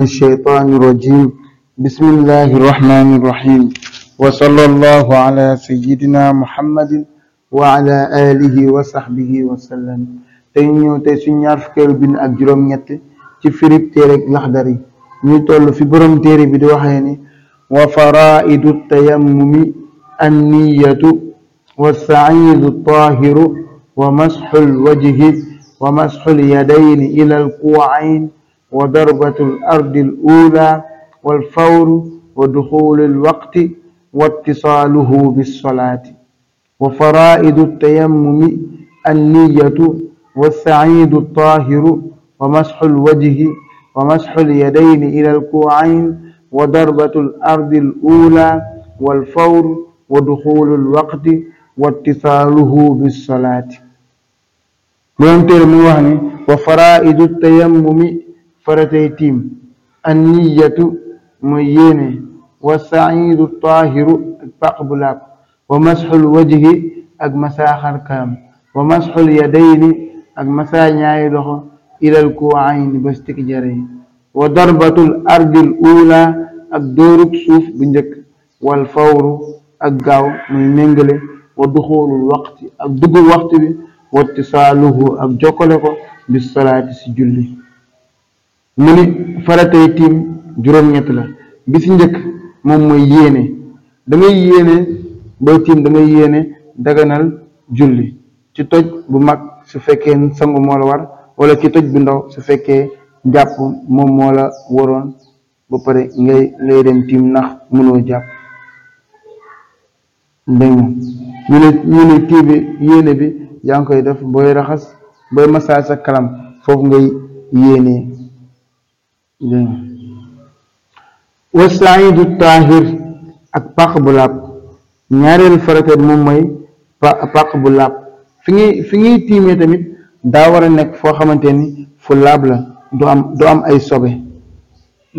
الشيطان الرجيم بسم الله الرحمن الرحيم وصلى الله على سيدنا محمد وعلى آله وصحبه وسلم tey ñëw tey suñ ñaar fukkeel bin ak juróom ñett ci firib téereg Laxdari ñu toll fi borom téere bi di waxee ni wa faraidu tayammumi anniyatu wasaidu tahiru wa masxul wajhi wa masxul yadayni ila alkuwayn wa darbatul ardil ula wal fawru wa duxulul waqti wa ittisaaluhu bissalaati wa faraa'idu tayammumi anniyatu wa sa'iidu taahiru wa masxul wajhi wa masxul yadayni ilal kuucayn wa darbatul ardil ula wal fawru wa duxulul waqti wa ittisaaluhu bissalaati. Loolu téere mu wax ni wa faraa'idu tayammumi faratay tiim an niyatu mooy yéene wa saidu taahiru ak pàq bu laab wa masxul wajhi ak masaaxar kanam wa masxul yadayni ak masaa ñaari loxo ilal kuwaayn ba stik jare yi wa darbatul ardil uula ak dóorug suuf bu njëkk wal fawru ak gaaw muy méngale wa duxulul waqti ak dugg waxtu bi wa ittisaaluhu ak jokkale ko salaati si julli mu ni faratay tiim juróom-ñett la bi si njëkk moom mooy yéene dangay yéene booy tiim dangay yéene daganal julli ci toj bu mag su fekkee sangu moo la war wala ci toj bu ndaw su fekkee jàpp moom moo la waroon ba pare ngay lay dem tiim nax mënoo jàpp dégg ñu ne ñu ne tii bi yéene bi yaa ngi koy def booy raxas booy masaa sa kalam foofu ngay yéene wasaidu taahir ak pàq bu làpp ñaareelu farata moom mooy pàq bu làpp fi ngay fi ngay tiimee tamit daa war a nekk foo xamante ni fu laab la du am ay sobe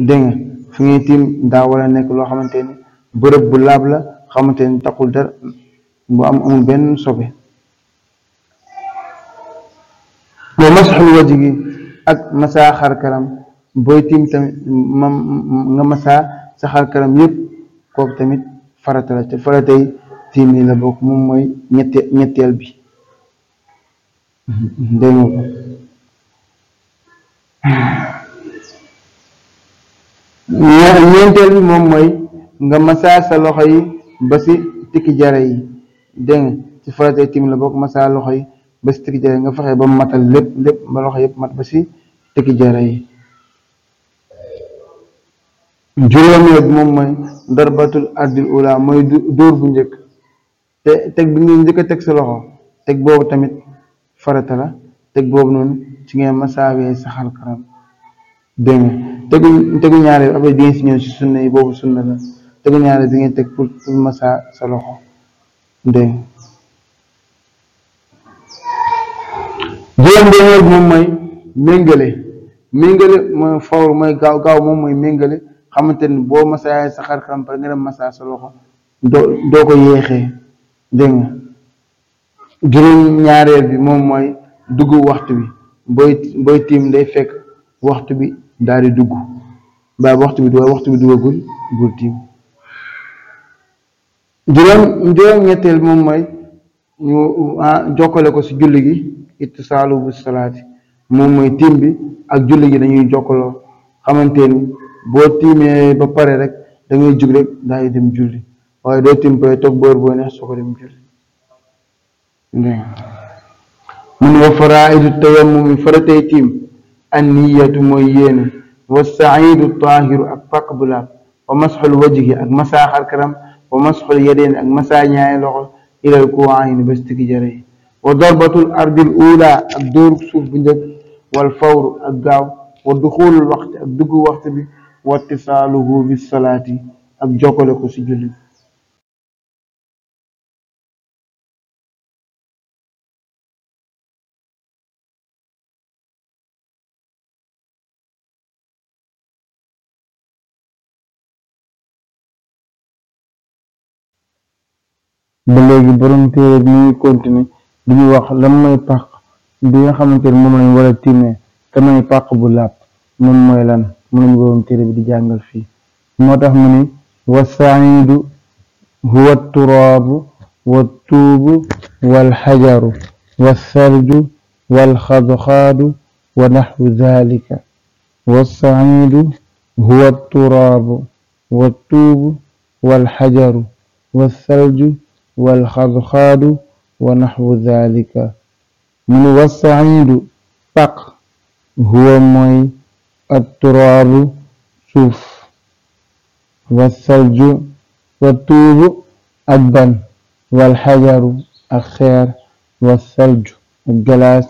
dégg nga fi ngay tiim daa war a nekk loo xamante ni bërëb bu laab la xamante ni taxul dara bu am amul benn sobe wa masxul wajhi ak masaaxar karam booy tiim tamit ma nga masaa sa xar kanam yëpp kooku tamit farata la te faratay tiim yi la bokk moom mooy ñetteel bi moom mooy nga masaa sa loxo yi ba si tikki jara yi dégg nga ci tiim la bokk masaa loxo yi ba si tikki jara yi nga fexe ba matal lépp lépp ba loxo yëpp mat ba si tikki jara yi juróomee bi moom mooy teg bi ngeen tamit farata la teg boobu noonu ngeen masaawee saxal karam dégg tegu bi après teg pour pour masaa sa juróom beneen moom mooy méngale méngale mooy fawr mooy gaaw gaaw moom mooy méngale xamante ni boo masaa sa xar-xaram pare nga masaa sa loxo doo doo ko yéexee dégg nga juróom ñaareel bi moom mooy dugg waxtu bi booy tiim day fekk waxtu bi daal di dugg ba waxtu bi waxtu bi dugagul bul tiim juróom juróom ñetteel moom mooy ñu ah, jokkale ko ci julli gi ittisaalu bu salaati moom mooy tiim bi ak julli gi dañuy jokkaloo xamante ni boo tiimee ba pare rek da ngay jug rek daal di dem waaye doo tiim pare toog boor boo soo ko dem mun wa faraidu tayammum faratay tiim an niyatu mooy yéene wa saidu taahiru ak pàkk bu laab wa masxul wajhi ak masaa xar kanam wa masxul yadeen ak masaa ñaari loxo ilal kuwaayin ba stiki jare yi wa darbatul ardil uula ak dóor suuf bu njëkk wal fawru ak gaaw wa duxulul waxti ak dugg waxtu bi watisaaluhu bis salaati ak jokkale ko ci julli ba léegi borom téere bi ñuy continuer di ñu wax lan mooy pàq bi nga xamante ne moom lañ war a te mooy pàq bu laab moom mooy lan moom lañu borom téere bi di jàngal fii moo tax mu ne wasaidu huwa turaabu wa tuubu walxajaru wassalju walxadxaadu wa naxwu dalika wasaidu huwa turaabu wa tuubu walxajaru wassalju walxadxaadu wa naxwu dalika mu ne wasaidu paq huwa mooy التراب suuf والثلج والطوب ak ban والحجر ak xeer والثلج ak galaas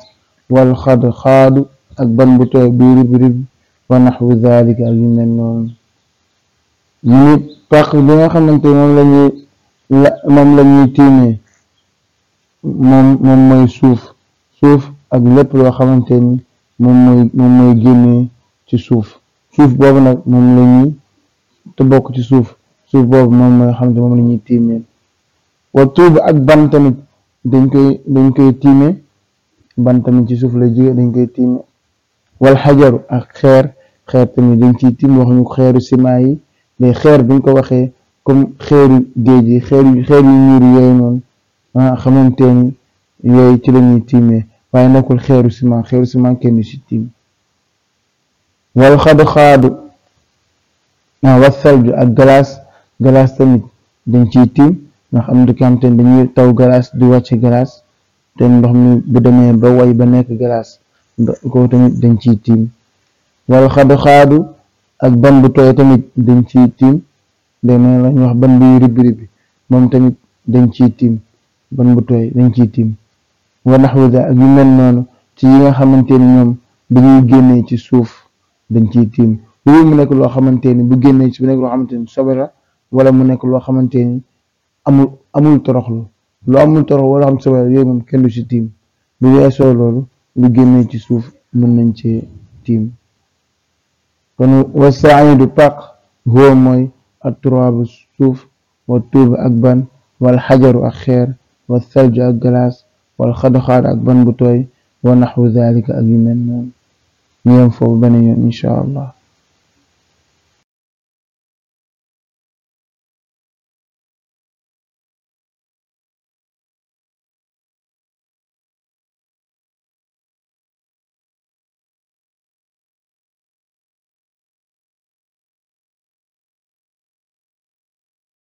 والخضخاض ak ban bu tooy birib birib ونحو ذلك ak yu mel noonu ñu pàq bi nga moom lañuy moom lañuy tiimee moom moom mooy suuf suuf ak lépp loo xamante moom mooy moom ci suuf suuf boobu nag moom la ñuy te bokk ci suuf suuf boobu moom mooy xam ne moom la ñuy wa tuub ak ban tamit dañ koy dañ koy tiimee ban tamit ci suuf la jóge dañ koy tiime wal xajaru ak xeer xeer tamit dañ ciy tiim wax ñu xeeru ciment yi mais xeer buñ ko waxee comme xeeru géej yi xeer xeer yu ñuur yooyu noonu ah yooyu ci la ñuy tiimee waaye nekkul xeeru ciment xeeru ciment kenn ci tiim wal xadu xaadu wal salju ak glace glace tamit dañ ciy tiim ndax am du kam te dañuy taw glace di wàcc glace te ndox mi bu demee ba way ba nekk glace ko tamit dañ ciy tiim wal xadu xaadu ak ban bu tamit dañ ciy tiim demee la wax ban bi ribbi ribbi moom tamit dañ ciy tiim ban bu tooy dañ ciy tiim wa naxwida ak yu mel noonu ci yi nga xamante ni ñoom dañuy génnee ci suuf dañ ciy tiim yooyu mu nekk loo xamante ni bu génnee ci mu nekk loo xamante ni sobe wala mu nekk loo xamante ni amul amul toroxlu lu amul torox wala xam sobe la yooyu moom kenn du ci tiim lu weesoo loolu lu génnee ci suuf mën nañ ci tiim kon wasaidu paq huwa mooy ak turaabu suuf wa tuuba ak ban wal xajaru ak xeer wa thalju ak galaas wal xadaxaat ak ban bu tooy wa naxwu dalika ak yu mel ñu yem foofu beneen yoon incha allah.